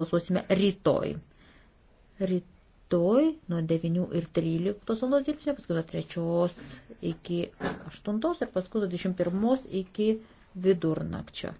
balsuosime rytoj. Rytoj nuo 9 ir 13 valandos dirbsime, paskui nuo 3 iki 8 ir paskui nuo 21 iki vidurnakčio.